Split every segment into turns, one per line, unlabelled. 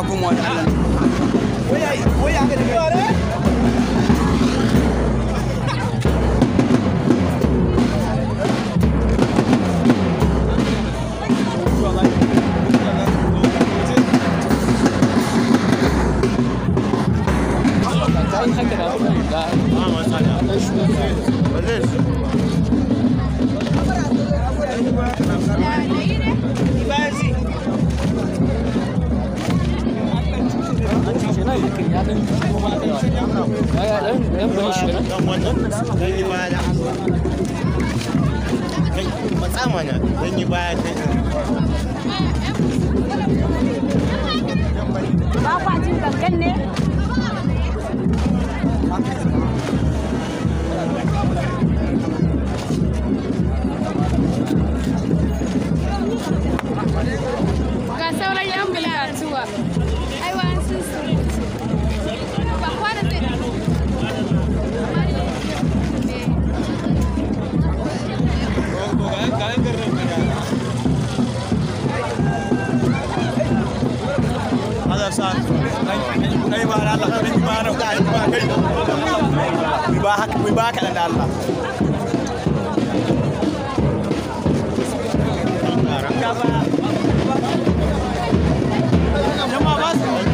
I'm kuma wani zan baya dan Allah matsa mana zan yi baya dan ba kwa jin gangan ne sa kai ba da Allah kai ba da kai ba kai ba haka ba haka da Allah jama'a ba su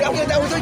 da ku da wuce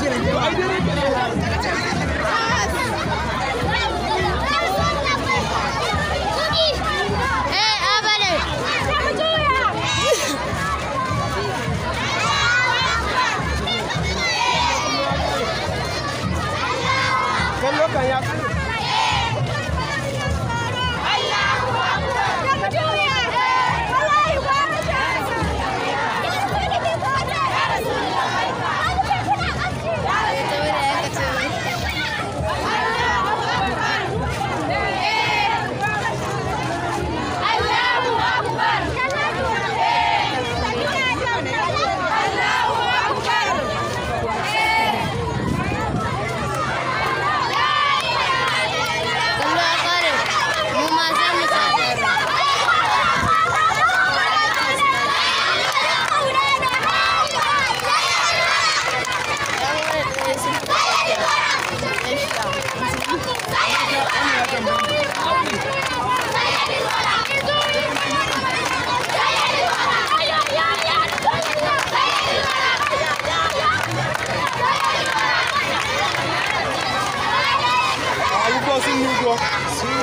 kawo sun yi kuwa sun yi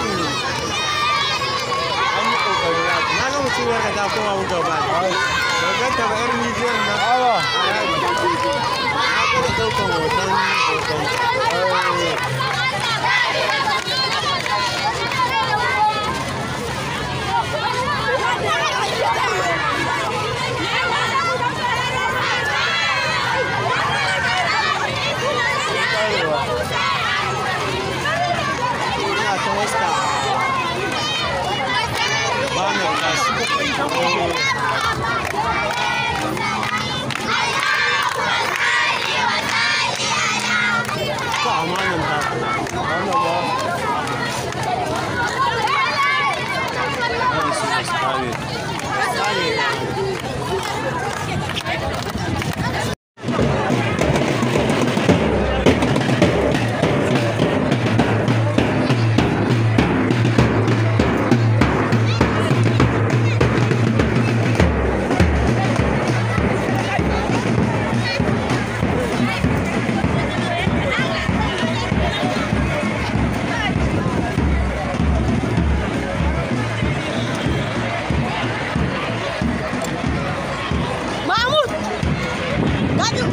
an yi kokari na ga mutum wanda ta koma wuta ba da ganta ba yar mijiyar nan awa na kada daukan hoton hoton 可 Olha!